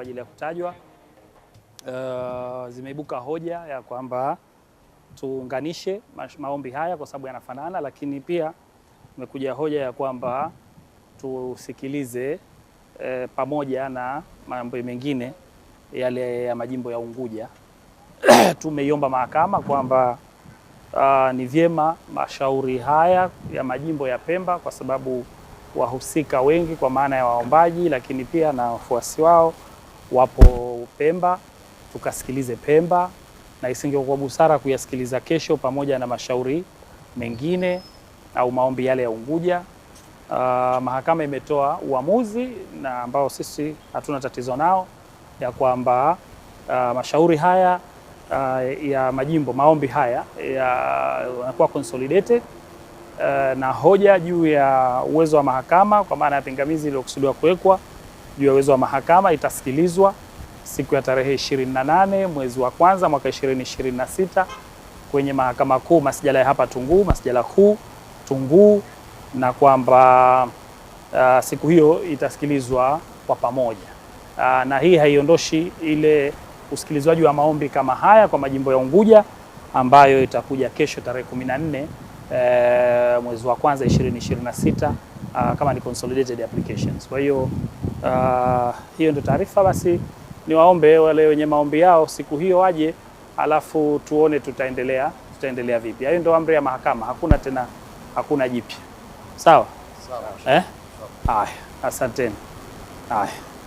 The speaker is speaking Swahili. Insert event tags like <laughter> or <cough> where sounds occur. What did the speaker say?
kwa ajili ya kutajwa. Uh, zimeibuka hoja ya kwamba tuunganishe maombi haya kwa sababu yanafanana, lakini pia imekuja hoja ya kwamba tusikilize eh, pamoja na maombi mengine yale ya majimbo ya Unguja. <coughs> Tumeiomba mahakama kwamba uh, ni vyema mashauri haya ya majimbo ya Pemba kwa sababu wahusika wengi kwa maana ya waombaji, lakini pia na wafuasi wao wapo Pemba, tukasikilize Pemba, na isingekuwa busara kuyasikiliza kesho pamoja na mashauri mengine au maombi yale ya Unguja. Uh, mahakama imetoa uamuzi na ambao sisi hatuna tatizo nao ya kwamba uh, mashauri haya uh, ya majimbo maombi haya yanakuwa consolidated uh, na hoja juu ya uwezo wa mahakama kwa maana ya pingamizi iliyokusudiwa kuwekwa juu ya uwezo wa mahakama itasikilizwa siku ya tarehe 28 mwezi wa kwanza mwaka 2026 kwenye mahakama kuu masijala ya hapa Tunguu, masijala kuu Tunguu, na kwamba uh, siku hiyo itasikilizwa kwa pamoja uh, na hii haiondoshi ile usikilizwaji wa maombi kama haya kwa majimbo ya Unguja ambayo itakuja kesho tarehe 14 eh, uh, mwezi wa kwanza 2026 uh, kama ni consolidated applications. Kwa hiyo Ah, hiyo ndio taarifa. Basi niwaombe wale wenye maombi yao siku hiyo waje, alafu tuone tutaendelea tutaendelea vipi. Hiyo ndio amri ya mahakama, hakuna tena, hakuna jipya. Sawa sawa, eh? Haya, asanteni. Haya.